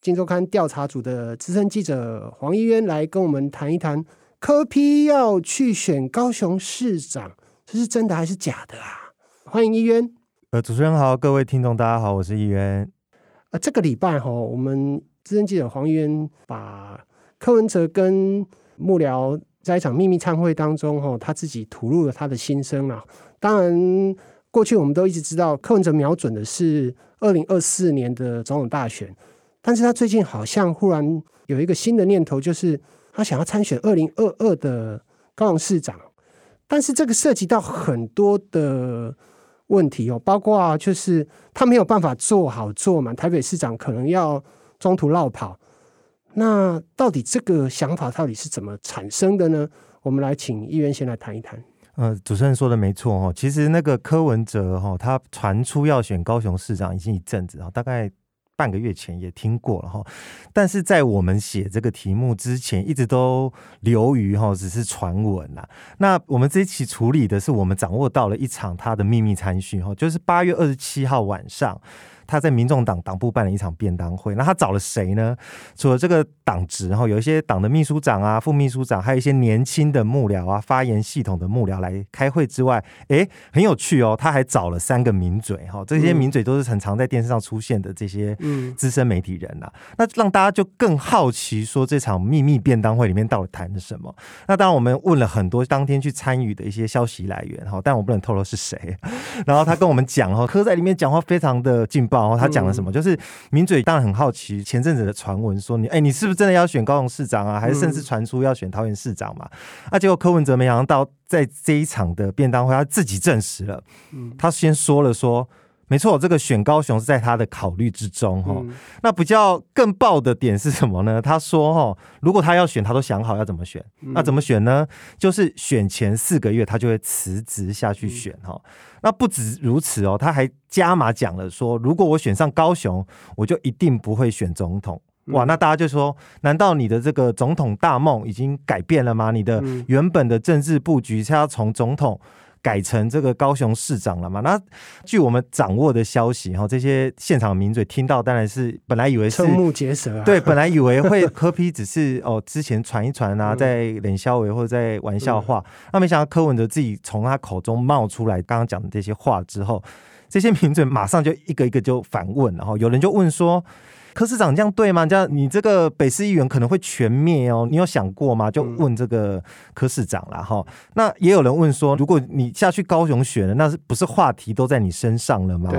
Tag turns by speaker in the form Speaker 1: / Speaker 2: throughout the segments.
Speaker 1: 《鏡週刊》調查組的資深記者黃一淵來跟我們談一談柯 P 要去選高雄市長，這是真的還是假的啊？歡迎一淵。
Speaker 2: 呃，主持人好，各位聽眾大家好，我是一淵。
Speaker 1: 呃，這個禮拜哈、哦，我們資深記者黃一淵把柯文哲跟幕僚在一場秘密參會當中、哦，哈，他自己吐露了他的心聲了、啊。當然，過去我們都一直知道柯文哲瞄準的是二零二四年的總統大選。但是他最近好像忽然有一個新的念頭，就是他想要參選二零二二的高雄市長，但是這個涉及到很多的問題哦，包括就是他沒有辦法做好做滿，台北市長可能要中途落跑。那到底這個想法到底是怎麼產生的呢？我們來請議員先來談一談。
Speaker 2: 呃，主持人說的沒錯哦，其實那個柯文哲哈，他傳出要選高雄市長已經一陣子啊，大概。半個月前也聽過了哈，但是在我們寫這個題目之前，一直都流於哈，只是傳聞啊。那我們這一期處理的是我們掌握到了一場他的秘密餐敘，哈，就是八月二十七號晚上。他在民眾黨黨部辦了一場便當會，那他找了誰呢？除了這個黨職，然後有一些黨的秘書長啊、副秘書長，還有一些年輕的幕僚啊、發言系統的幕僚來開會之外，哎、欸，很有趣哦，他還找了三個名嘴哈，這些名嘴都是很常在電視上出現的這些嗯資深媒體人吶、啊，那讓大家就更好奇說，這場秘密便當會裡面到底談了什麼？那當然我們問了很多當天去參與的一些消息來源，哈，但我不能透露是誰，然後他跟我們講，哈，柯在裡面講話非常的勁爆。然後他講了什麼？嗯、就是名嘴當然很好奇，前陣子的傳聞說你，哎，你是不是真的要選高雄市長啊？還是甚至傳出要選桃園市長嘛、嗯？啊，結果柯文哲沒想到，在這一場的便當會，他自己證實了，嗯、他先說了說。沒錯，這個選高雄是在他的考慮之中哈、嗯。那比較更爆的點是什麼呢？他說，如果他要選，他都想好要怎麼選。嗯、那怎麼選呢？就是選前四個月他就會辭職下去選哈、嗯。那不止如此哦，他還加碼講了說，如果我選上高雄，我就一定不會選總統。嗯、哇，那大家就說，難道你的這個總統大夢已經改變了嗎？你的原本的政治布局是要從總統？改成這個高雄市長了嘛？那據我們掌握的消息，哈，這些現場名嘴聽到當然是本來以為是瞠目
Speaker 1: 結舌，啊，對，本來以為會
Speaker 2: 柯 P，只是 哦之前傳一傳啊，在冷笑話或者在玩笑話，嗯，那沒想到柯文哲自己從他口中冒出來剛剛講的這些話之後，這些名嘴馬上就一個一個就反問，然後有人就問說。柯市長，這樣對嗎？這樣你這個北市議員可能會全滅哦，喔，你有想過嗎？就問這個柯市長啦。哈、嗯。那也有人問說，如果你下去高雄選了，那是不是話題都在你身上了嗎？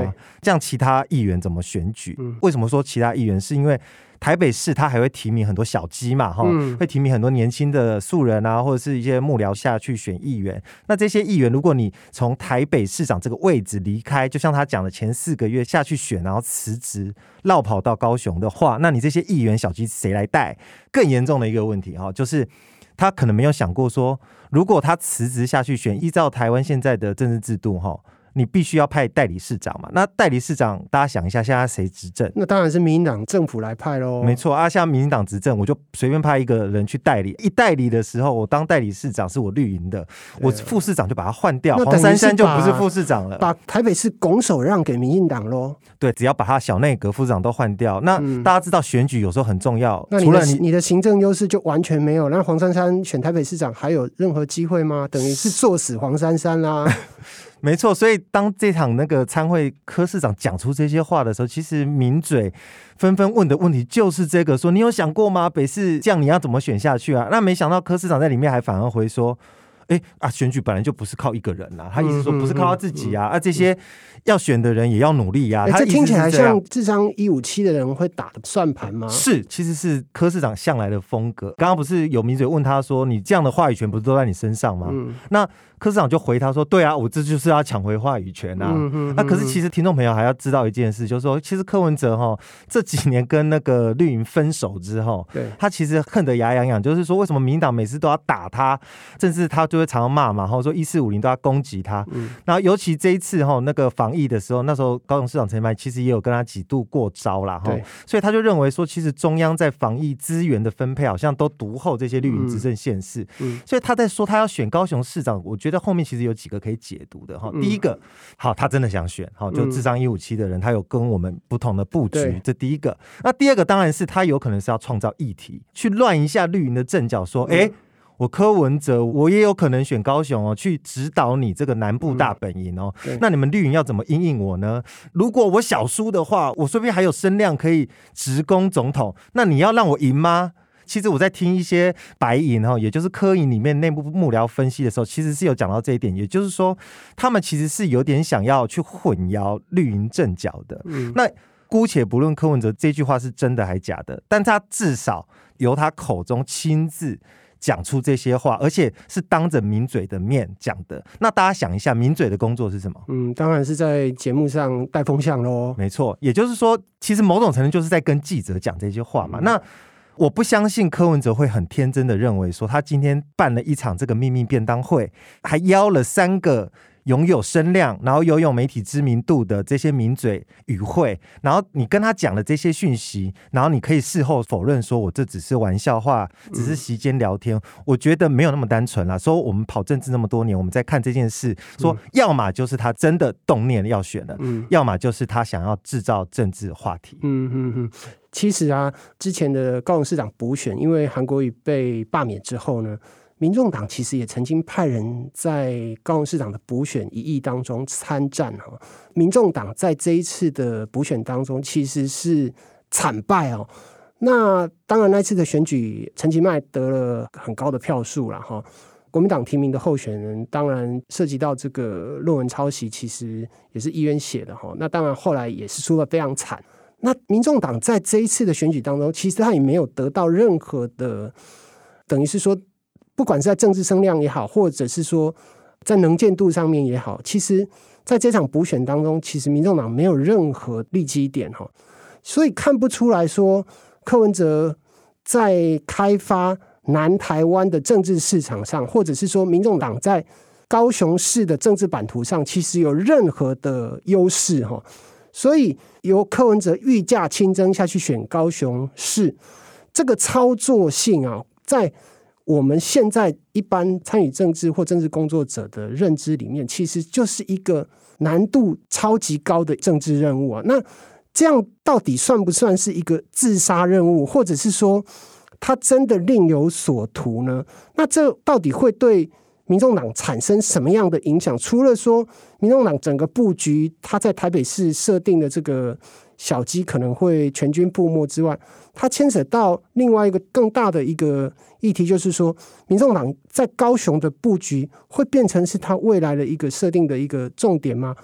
Speaker 2: 這樣其他議員怎麼選舉，嗯？為什麼說其他議員？是因為。台北市他還會提名很多小雞嘛哈，會提名很多年輕的素人啊，或者是一些幕僚下去選議員。那這些議員，如果你從台北市長這個位置離開，就像他講的前四個月下去選，然後辭職落跑到高雄的話，那你這些議員小雞誰來帶？更嚴重的一個問題哈，就是他可能沒有想過說，如果他辭職下去選，依照台灣現在的政治制度哈。你必須要派代理市長嘛？那代理市長，大家想一下，現在誰執政？
Speaker 1: 那當然是民進黨政府來派嘍。沒
Speaker 2: 錯啊，現在民進黨執政，我就隨便派一個人去代理。一代理的時候，我當代理市長是我綠營的，我副市長就把他換掉。那黃珊珊就不是副市長了，把
Speaker 1: 台北市拱手讓給民進黨嘍。
Speaker 2: 對，只要把他小內閣副市長都換掉。那、嗯、大家知道選舉有時候很重要。那你除了
Speaker 1: 你，你的行政優勢就完全沒有。那黃珊珊選台北市長還有任何機會嗎？等於是做死黃珊珊啦。 沒錯，所以當這場
Speaker 2: 那個餐會柯市長講出這些話的時候，其實名嘴紛紛問的問題就是這個：說你有想過嗎？北市這樣你要怎麼選下去啊？那沒想到柯市長在裡面還反而回說：哎、欸、啊，選舉本來就不是靠一個人吶、啊。他意思說不是靠他自己啊、嗯嗯嗯、啊，這些要選的人也要努力呀、啊欸欸。他這聽起來像
Speaker 1: 智商一五七的人會打算盤嗎、欸？是，
Speaker 2: 其實是柯市長向來的風格。剛剛不是有名嘴問他說：你這樣的話語權不是都在你身上嗎？嗯、那。柯市長就回他說：“對啊，我這就是要搶回話語權啊那、嗯嗯啊、可是其實聽眾朋友還要知道一件事，就是說，其實柯文哲哈這幾年跟那個綠營分手之後，對他其實恨得牙癢癢，就是說為什麼民黨每次都要打他，甚至他就會常常罵嘛、嗯，然後說一四五零都要攻擊他。那尤其這一次哈，那個防疫的時候，那時候高雄市長陳其邁其實也有跟他幾度過招了哈，所以他就認為說，其實中央在防疫資源的分配好像都獨厚這些綠營執政縣市嗯嗯，所以他在說他要選高雄市長，我覺得。覺得後面其實有幾個可以解讀的哈，第一個、嗯，好，他真的想選，好，就智商一五七的人、嗯，他有跟我們不同的布局，這第一個。那第二個當然是他有可能是要創造議題，去亂一下綠營的陣腳，說，誒、欸，我柯文哲，我也有可能選高雄哦、喔，去指導你這個南部大本營哦、喔嗯，那你們綠營要怎麼因應我呢？如果我小輸的話，我說不定還有聲量可以直攻總統，那你要讓我贏嗎？其實我在聽一些白營哈，也就是柯營裡面內部幕僚分析的時候，其實是有講到這一點，也就是說，他們其實是有點想要去混淆綠營陣腳的。嗯、那姑且不論柯文哲這句話是真的還是假的，但他至少由他口中親自講出這些話，而且是當着名嘴的面講的。那大家想一下，名嘴的工作是什麼？嗯，當然是在節目上帶風向嘍。沒錯，也就是說，其實某種程度就是在跟記者講這句話嘛。嗯、那我不相信柯文哲會很天真的認為說，他今天辦了一場這個秘密便當會，還邀了三個，擁有聲量，然後擁有媒體知名度的這些名嘴與會，然後你跟他講了這些訊息，然後你可以事後否認說，我這只是玩笑話，只是席間聊天，嗯。我覺得沒有那麼單純啦。說我們跑政治那麼多年，我們在看這件事，說要麼就是他真的動念要選了，嗯，要麼就是他想要製造政治話題。
Speaker 1: 嗯嗯嗯。其實啊，之前的高雄市長補選，因為韓國瑜被罷免之後呢。民眾黨其實也曾經派人，在高雄市長的補選一役當中參戰哈、喔。民眾黨在這一次的補選當中，其實是慘敗哦、喔。那當然，那一次的選舉，陳其邁得了很高的票數了哈。國民黨提名的候選人，當然涉及到這個論文抄襲，其實也是議員寫的哈、喔。那當然，後來也是輸得非常慘。那民眾黨在這一次的選舉當中，其實他也沒有得到任何的，等於是說。不管是在政治聲量也好，或者是說在能見度上面也好，其實在這場補選當中，其實民眾黨沒有任何利基點哈，所以看不出來說柯文哲在開發南台灣的政治市場上，或者是說民眾黨在高雄市的政治版圖上，其實有任何的優勢哈，所以由柯文哲御駕親征下去選高雄市，這個操作性啊，在。我們現在一般參與政治或政治工作者的認知裡面，其實就是一個難度超級高的政治任務啊。那這樣到底算不算是一個自殺任務？或者是說他真的另有所圖呢？那這到底會對民眾黨產生什麼樣的影響？除了說民眾黨整個佈局，他在台北市設定的這個。小雞可能會全軍覆沒之外，它，牽涉到另外一個更大的一個議題，就是說，民眾黨在高雄的布局會變成是他未來的一個設定的一個重點嗎？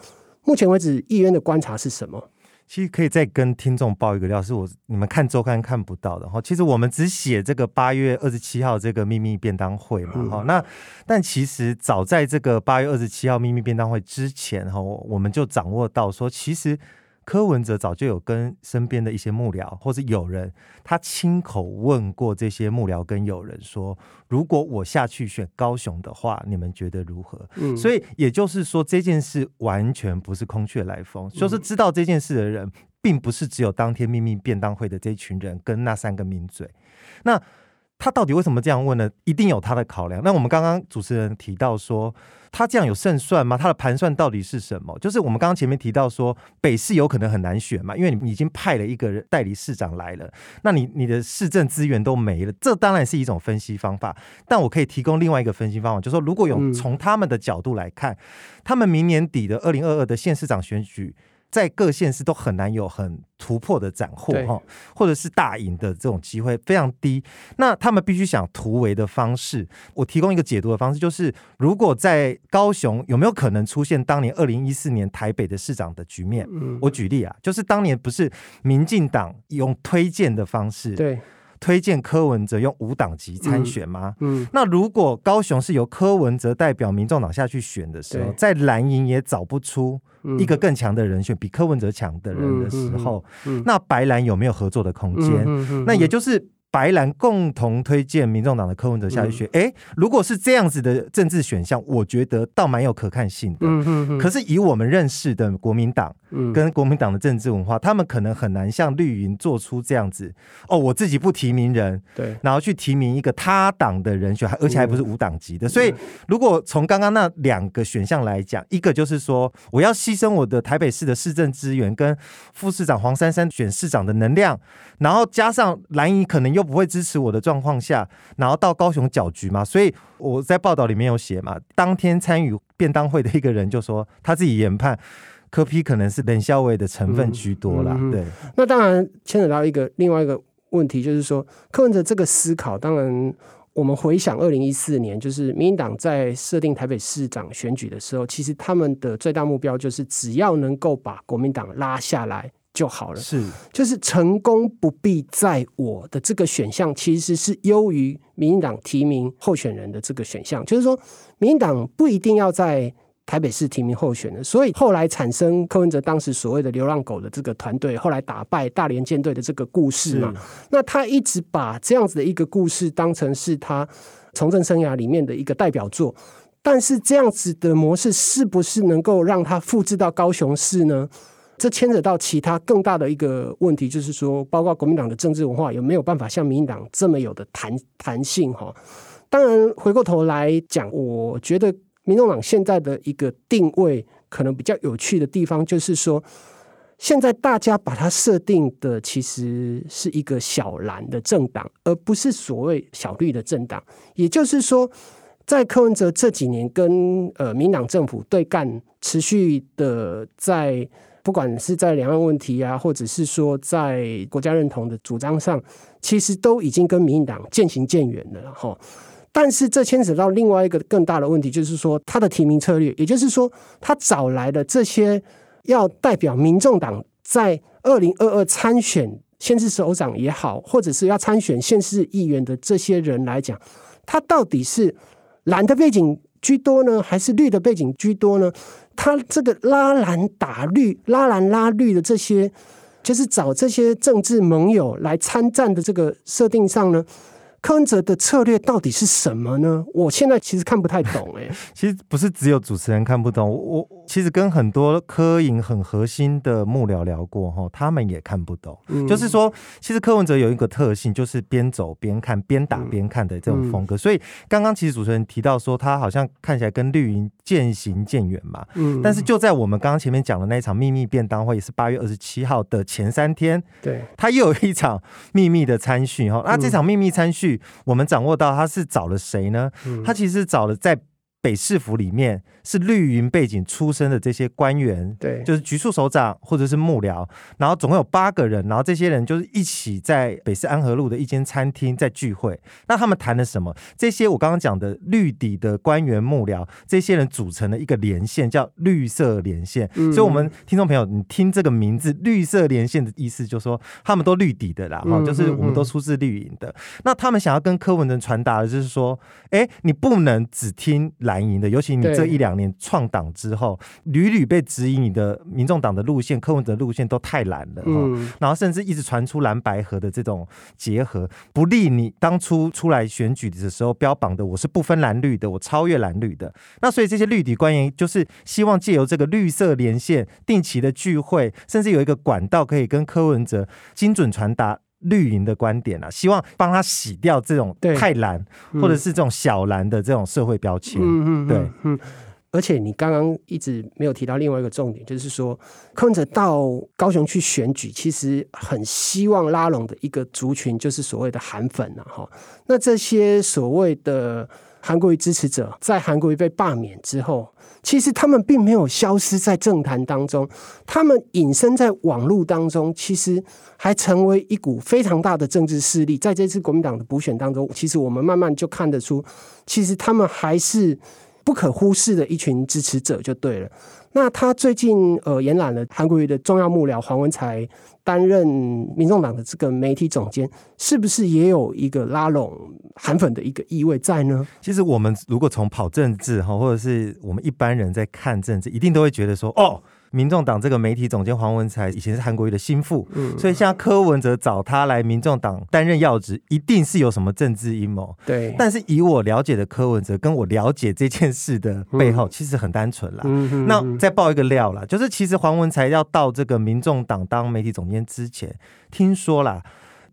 Speaker 1: 目前為止，議員的觀察是什麼？
Speaker 2: 其實可以再跟聽眾報一個料，是我你們看周刊看不到的哈。其實我們只寫這個八月二十七號這個秘密便當會嘛哈、嗯。那但其實早在這個八月二十七號秘密便當會之前哈，我們就掌握到說其實。柯文哲早就有跟身邊的一些幕僚或者友人，他親口問過這些幕僚跟友人說：“如果我下去選高雄的話，你們覺得如何？”嗯，所以也就是說，這件事完全不是空穴來風，就是知道這件事的人，並不是只有當天秘密便當會的這群人跟那三個名嘴。那他到底為什麼這樣問呢？一定有他的考量。那我們剛剛主持人提到說，他這樣有勝算嗎？他的盤算到底是什麼？就是我們剛剛前面提到說，北市有可能很難選嘛，因為你已經派了一個代理市長來了，那你你的市政資源都沒了，這當然是一種分析方法。但我可以提供另外一個分析方法，就是說，如果有從他們的角度來看，他們明年底的二零二二的縣市長選舉。在各縣市都很難有很突破的斬獲哈，或者是大贏的這種機會非常低，那他們必須想突圍的方式。我提供一個解讀的方式，就是如果在高雄有沒有可能出現當年二零一四年台北的市長的局面？嗯。我舉例啊，就是當年不是民進黨用推薦的方式對。推薦柯文哲用無黨籍參選嗎、嗯嗯？那如果高雄是由柯文哲代表民眾黨下去選的時候，欸、在藍營也找不出一個更強的人選，比柯文哲強的人的時候，嗯嗯嗯、那白藍有沒有合作的空間、嗯嗯嗯？那也就是白藍共同推薦民眾黨的柯文哲下去選、嗯欸。如果是這樣子的政治選項，我覺得倒蠻有可看性的、嗯嗯嗯嗯。可是以我們認識的國民黨。跟國民黨的政治文化，嗯，他們可能很難像綠營做出這樣子哦，我自己不提名人，對，然後去提名一個他黨的人選，還而且還不是無黨籍的。嗯，所以，嗯，如果從剛剛那兩個選項來講，一個就是說我要犧牲我的台北市的市政資源跟副市長黃珊珊選市長的能量，然後加上藍營可能又不會支持我的狀況下，然後到高雄攪局嘛。所以我在報道裡面有寫嘛，當天參與便當會的一個人就說他自己研判。柯 P 可能是冷效委的成分居多了，嗯嗯，對。
Speaker 1: 那當然牽扯到一個另外一個問題，就是說柯文哲這個思考，當然我們回想二零一四年，就是民進黨在設定台北市長選舉的時候，其實他們的最大目標就是只要能夠把國民黨拉下來就好了，是。就是成功不必在我的這個選項，其實是優於民進黨提名候選人的這個選項，就是說民進黨不一定要在。台北市提名候選的，所以後來產生柯文哲當時所謂的流浪狗的這個團隊，後來打敗大連艦隊的這個故事嘛。啊、那他一直把這樣子的一個故事當成是他從政生涯裡面的一個代表作。但是這樣子的模式是不是能夠讓他複製到高雄市呢？這牽扯到其他更大的一個問題，就是說，包括國民黨的政治文化有沒有辦法像民進黨這麼有的彈彈性？哈，當然回過頭來講，我覺得。民眾黨現在的一個定位，可能比較有趣的地方，就是說，現在大家把它設定的其實是一個小藍的政黨，而不是所謂小綠的政黨。也就是說，在柯文哲這幾年跟呃民進黨政府對幹，持續的在不管是在兩岸問題啊，或者是說在國家認同的主張上，其實都已經跟民進黨漸行漸遠了，吼但是這牽扯到另外一個更大的問題，就是說他的提名策略，也就是說他找來的這些要代表民眾黨在二零二二參選縣市首長也好，或者是要參選縣市議員的這些人來講，他到底是藍的背景居多呢？還是綠的背景居多呢？他這個拉藍打綠、拉藍拉綠的這些，就是找這些政治盟友來參戰的這個設定上呢？柯文哲的策略到底是什麼呢？我現在其實看不太懂、欸，哎 ，
Speaker 2: 其實不是只有主持人看不懂，我。其實跟很多柯營很核心的幕僚聊過，他們也看不懂、嗯。就是說，其實柯文哲有一個特性，就是邊走邊看、邊打邊看的這種風格。嗯、所以剛剛其實主持人提到說，他好像看起來跟綠營漸行漸遠嘛、嗯。但是就在我們剛剛前面講的那一場秘密便當會，也是八月二十七號的前三天。對。他又有一場秘密的餐敘、嗯、那這場秘密餐敘，我們掌握到他是找了誰呢？他、嗯、其實找了在。北市府裡面是綠營背景出身的這些官員，對，就是局處首長或者是幕僚，然後總共有八個人，然後這些人就是一起在北市安和路的一間餐廳在聚會。那他們談了什麼？這些我剛剛講的綠底的官員、幕僚，這些人組成了一個連線叫綠色連線。嗯。所以，我們聽眾朋友，你聽這個名字“綠色連線”的意思，就是說他們都綠底的啦，齁，就是我們都出自綠營的。嗯嗯。那他們想要跟柯文哲傳達的就是說，哎、欸，你不能只聽藍。藍營的，尤其你這一兩年創黨之後，屢屢被質疑你的民眾黨的路線、柯文哲的路線都太藍了，嗯，然後甚至一直傳出藍白合的這種結合不利你當初出來選舉的時候標榜的我是不分藍綠的，我超越藍綠的，那所以這些綠底官員就是希望借由這個綠色連線定期的聚會，甚至有一個管道可以跟柯文哲精準傳達。綠營的觀點啊，希望幫他洗掉這種太藍或者是這種小藍的這種社會標
Speaker 1: 籤，嗯。對，而且你剛剛一直沒有提到另外一個重點，就是說柯文哲到高雄去選舉，其實很希望拉攏的一個族群，就是所謂的韓粉哈，啊。那這些所謂的。韓國瑜支持者在韓國瑜被罷免之後，其實他們並沒有消失在政壇當中，他們隱身在網絡當中，其實還成為一股非常大的政治勢力。在這次國民黨的補選當中，其實我們慢慢就看得出，其實他們還是不可忽視的一群支持者就對了。那他最近呃、延攬了韓國瑜的重要幕僚黃文才擔任民眾黨的這個媒體總監，是不是也有一個拉攏韓粉的一個意味在呢？其實我們如果
Speaker 2: 從跑政治哈，或者是我們一般人在看政治，一定都會覺得說哦。民眾黨這個媒體總監黃文才以前是韓國瑜的心腹，嗯，所以現在柯文哲找他來民眾黨擔任要職，一定是有什麼政治陰謀。對，但是以我了解的柯文哲跟我了解這件事的背後，嗯，其實很單純啦。嗯、那再爆一個料了，就是其實黃文才要到這個民眾黨當媒體總監之前，聽說了。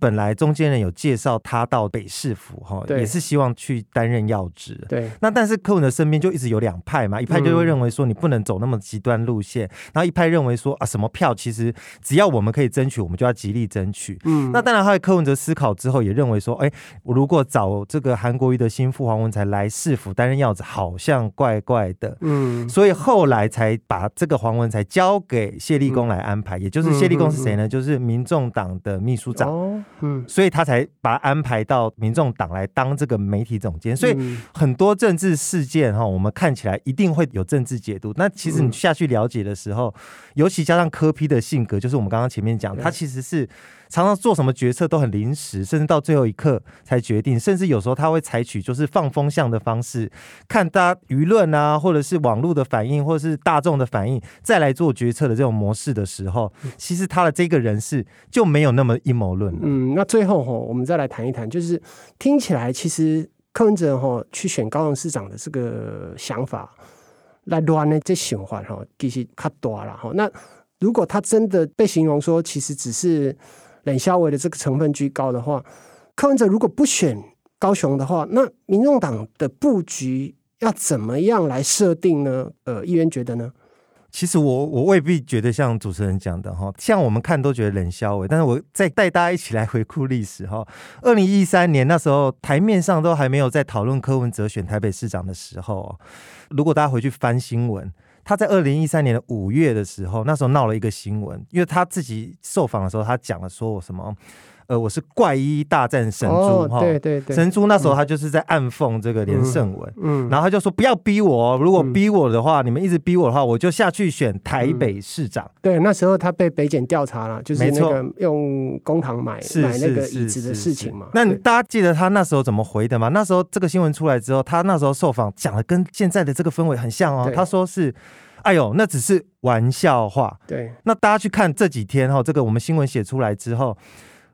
Speaker 2: 本來中間人有介紹他到北市府哈，也是希望去擔任要職。對。那但是柯文哲身邊就一直有兩派嘛，一派就會認為說你不能走那麼極端路線、嗯，然後一派認為說啊什麼票，其實只要我們可以爭取，我們就要極力爭取。嗯。那當然，他柯文哲思考之後也認為說，哎、欸，我如果找這個韓國瑜的心腹黃文才來市府擔任要職，好像怪怪的。嗯。所以後來才把這個黃文才交給謝立功來安排，嗯、也就是謝立功是誰呢？就是民眾黨的秘書長。哦。嗯，所以他才把他安排到民眾黨來當這個媒體總監。所以很多政治事件哈，我們看起來一定會有政治解讀。那其實你下去了解的時候，尤其加上柯 P 的性格，就是我們剛剛前面講，他其實是常常做什麼決策都很臨時，甚至到最後一刻才決定。甚至有時候他會採取就是放風向的方式，看大家輿論啊，或者是網絡的反應，或者是大眾的反應，再來做決策的這種模式的時候，其實他的這個人事就沒有那麼陰謀論。嗯。
Speaker 1: 嗯，那最後吼，我們再來談一談，就是聽起來其實柯文哲吼去選高雄市長的這個想法，來亂呢這循環吼，其實卡多了吼。那如果他真的被形容說，其實只是冷笑話的這個成分居高的話，柯文哲如果不選高雄的話，那民眾黨的布局要怎麼樣來設定呢？呃，議員覺得呢？
Speaker 2: 其實我我未必覺得像主持人講的哈，像我們看都覺得冷笑話，但是我再帶大家一起來回顧歷史哈。二零一三年那時候台面上都還沒有在討論柯文哲選台北市長的時候，如果大家回去翻新聞，他在二零一三年的五月的時候，那時候鬧了一個新聞，因為他自己受訪的時候他講了說，我什麼。呃，我是怪醫大戰神豬哈、哦，神豬那時候他就是在暗諷這個連勝文，嗯，然後他就說不要逼我、哦嗯，如果逼我的話、嗯，你們一直逼我的話，我就下去選台北市長。
Speaker 1: 嗯、對，那時候他被北檢調查了，就是那個用公堂買買那個椅子的事情嘛。是是是是是，那
Speaker 2: 大家記得他那時候怎麼回的嗎？那時候這個新聞出來之後，他那時候受訪講的跟現在的這個氛圍很像哦。他說是，哎呦，那只是玩笑話。對，那大家去看這幾天哈、哦，這個我們新聞寫出來之後。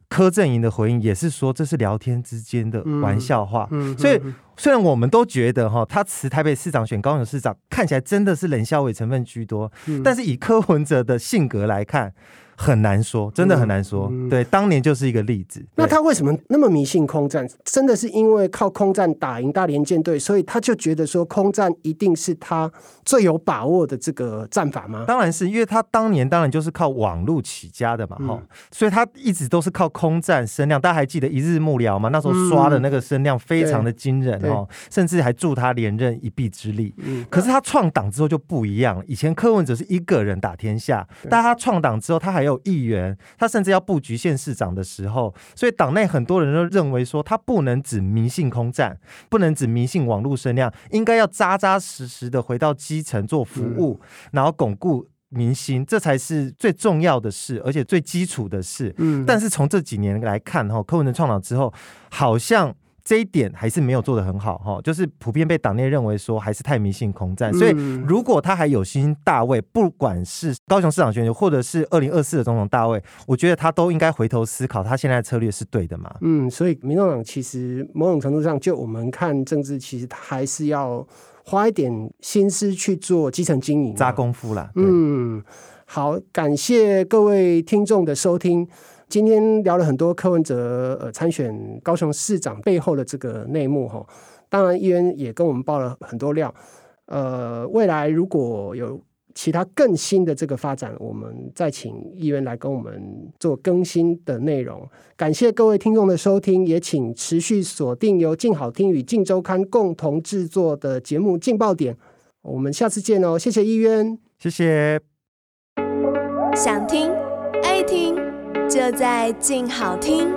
Speaker 2: 柯震東的回應也是說，這是聊天之間的玩笑話。嗯、所以、嗯嗯嗯，雖然我們都覺得哈、哦，他辭台北市長選高雄市長，看起來真的是冷笑話成分居多。嗯、但是，以柯文哲的性格來看，很難說，真的很難說。嗯、對、嗯，當年就是一個例子。
Speaker 1: 那他為什麼那麼迷信空戰？真的是因為靠空戰打贏大連艦隊，所以他就覺得說空戰一定是他最有把握的這個戰法嗎？當然是，因為他當
Speaker 2: 年當然就是靠網絡起家的嘛，嗯哦、所以他一直都是靠空戰聲量。大家還記得一日幕僚嗎？那時候刷的那個聲量非常的驚人，嗯、哦，甚至還助他連任一臂之力、嗯。可是他創黨之後就不一樣了。以前柯文哲是一個人打天下，但他創黨之後，他還。有議員，他甚至要布局縣市長的時候，所以黨內很多人都認為說，他不能只迷信空戰，不能只迷信網絡聲量，應該要扎扎實實的回到基層做服務，然後鞏固民心，這才是最重要的事，而且最基礎的事。嗯，但是從這幾年來看，哈，柯文哲創黨之後，好像這一點還是沒有做得很好哈，就是普遍被黨內認為說還是太迷信空戰，所以如果他還有心大位，不管是高雄市長選舉或者是二零二四的總統大位，我覺得他都應該回頭思考他現在的策略是對的嘛？
Speaker 1: 嗯，所以民眾黨其實某種程度上，就我們看政治，其實還是要花一點心思去做基層經營、啊，紮功夫啦。嗯，好，感謝各位聽眾的收聽。今天聊了很多柯文哲呃參選高雄市長背後的這個內幕哈，當然議員也跟我們爆了很多料。呃，未來如果有其他更新的這個發展，我們再請議員來跟我們做更新的內容。感謝各位聽眾的收聽，也請持續鎖定由鏡好聽與鏡週刊共同制作的節目《鏡爆點》，我們下次見哦！謝謝議員，謝謝。想聽愛聽。就在靜好聽。